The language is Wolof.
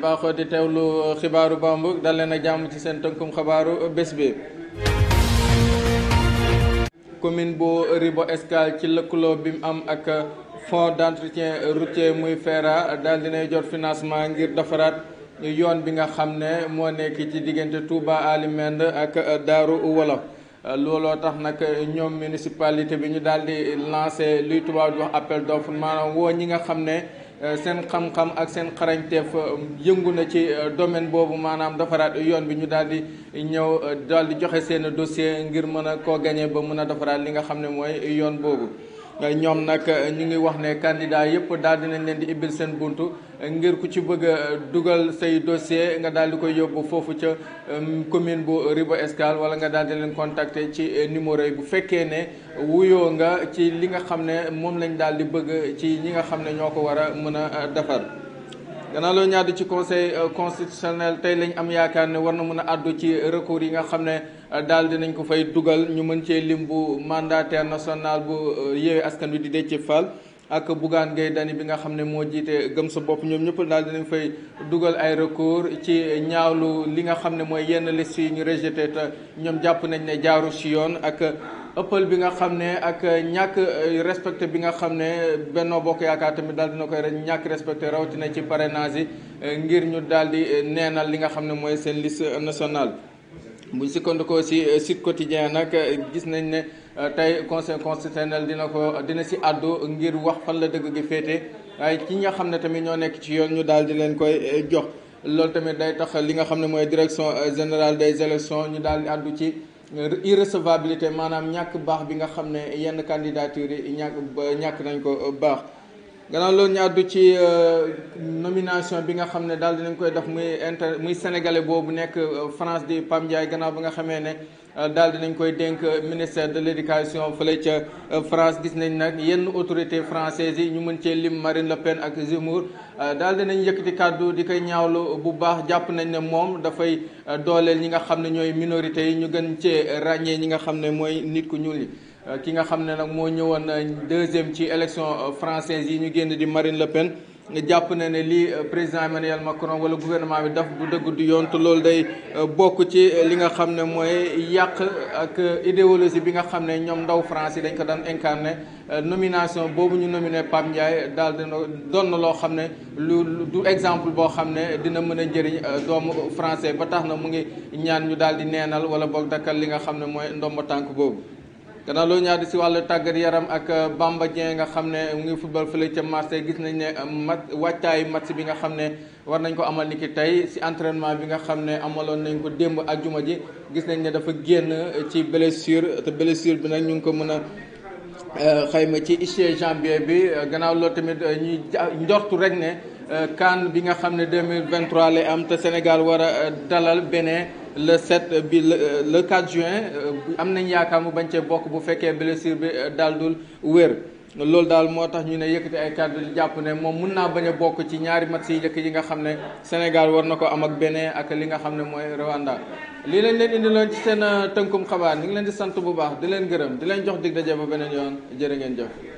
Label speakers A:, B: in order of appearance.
A: baaxoo di teewlu xibaaru bamb dal leen ak jàmm ci seen tënkum xabaaru bés bi. commune bu Ribo Escale ci lëkkuloo bi mu am ak fonds d'entretien routier muy FERA daal dinay jot financement ngir defaraat yoon bi nga xam ne moo nekk ci diggante Touba Alimende ak Daaru wolo looloo tax nag ñoom municipalité bi ñu daal di lancé luy tubaab du wax appel d'offre maanaam woo ñi nga xam ne. Euh, seen xam-xam ak seen xarañteef euh, yëngu na ci euh, domaine boobu maanaam defaraat yoon bi ñu daal di ñëw daal di joxe seen dossier ngir mën a koo gañe ba mën a defaraat li nga xam ne mooy yoon boobu Euh, ñoom nag euh, ñu ngi wax ne candidat yëpp daal nañ leen di ibbil seen bunt euh, ngir ku ci bëgg dugal say dossier nga daal di koy yóbbu foofu ca commune bu Ribo Escale wala nga daal di leen contacter ci numéro yi bu fekkee ne wuyoo nga ci li nga xam ne moom lañ daal di bëgg ci ñi nga xam ne ñoo ko war a mën a defar. gannaaw loolu ñaar ci conseil constitutionnel tey lañ am yaakaar ne war na mën a àddu ci recours yi nga xam ne. daal dinañ ko fay dugal ñu mën cee lim bu mandataire national bu euh, Yewwi Askan Wi di Déthié Fall ak Bougane Gueye Dany bi nga xam ne moo jiite gëm sa bopp ñoom ñëpp daal dinañ fay dugal ay recours ci ñaawlu li nga xam ne mooy yenn list yi ñu rejeté te ñoom jàpp nañ ne jaaru si yoon ak ëppal bi nga xam ne ak ñàkk euh, respecté bi nga xam ne Benno Bokk Yaakaar tamit daal dina koy ñàkk respecté rawatina ci pare yi euh, ngir ñu daal di neenal li nga xam ne mooy seen liste nationale buñ sikkandikoo si euh, Sud Quotidien nag euh, gis nañ ne euh, tey conseil constitutionnel dina ko dina si àddu ngir wax fan la dëgg gi féete waaye ci nga xam ne tamit ñoo nekk ci yoon ñu daal di leen koy jox loolu tamit day tax li nga xam ne mooy direction général des élections ñu daal di àddu ci irrecevabilité maanaam ñàkk baax bi nga xam ne yenn candidature yi ñàkk ñàkk nañ ko baax gannaaw loolu ñu àddu ci euh, nomination bi nga xam ne daal dinañ koy def muy inter muy sénégalais boobu nekk euh, France di Pam Ndiaye gannaaw ba nga xamee ne euh, daal dinañ koy denk ministère de l' éducation fële ca France gis nañ nag yenn autorités françaises yi ñu mën cee lim Marine Le Pen ak Zemmour daal dinañ di kàddu di koy ñaawlu bu baax jàpp nañ ne moom dafay dooleel ñi nga xam ne ñooy minorités yi ñu gën cee ràññee ñi nga xam ne mooy nit ku ñuul yi. ki nga xam ne nag moo ñëwoon euh, deuxième ci élection euh, française yi ñu génn di Marine Le Pen jàpp na ne lii euh, président Emmanuel Macron wala gouvernement bi daf bu dëgg du yoon te loolu day bokk ci li nga xam ne mooy yàq ak idéologie bi nga xam ne ñoom ndaw France dañ ko daan incarné nomination boobu ñu nominé Pape Ndiaye daal dina doon na loo xam ne lu du exemple boo xam ne dina mën a njëriñ doomu français ba tax na mu ngi ñaan ñu daal di neenal wala boog dakkal li nga xam ne mooy ndomba tànk boobu. gannaaw loolu ñaar si wàllu tàggat yaram ak euh, Bamba Dieng nga xam ne mu ngi football fële ca Marseille gis nañ ne euh, mat wàccaay match bi nga xam ne war nañ ko amal ni ki tey si entraînement bi nga xam ne amaloon nañ ko démb ak juma ji gis nañ ne dafa génn euh, ci blessure te blessure bi nag ñu ngi ko mën a xayma ci icie janvier bi gannaaw loolu tamit ñuy njortu rek ne CAN bi nga xam ne 2023 lay am te Sénégal war a dalal beneen le 7 bi le 4 juin euh, am nañ yaakaar mu bañ cee bokk bu fekkee blessure bi euh, daal dul wér. loolu daal moo tax ñu ne yëkkati ay kàddu jàpp ne moom mun naa bañ a bokk ci ñaari mat yi njëkk yi nga xam ne Sénégal war na ko am ak Bénin ak li nga xam ne mooy Rwanda. lii lañ leen indiloon ci seen euh, tënkum xabaar ñu ngi leen di sant bu baax di leen gërëm di leen jox dig daje ba beneen yoon jërë ngeen jox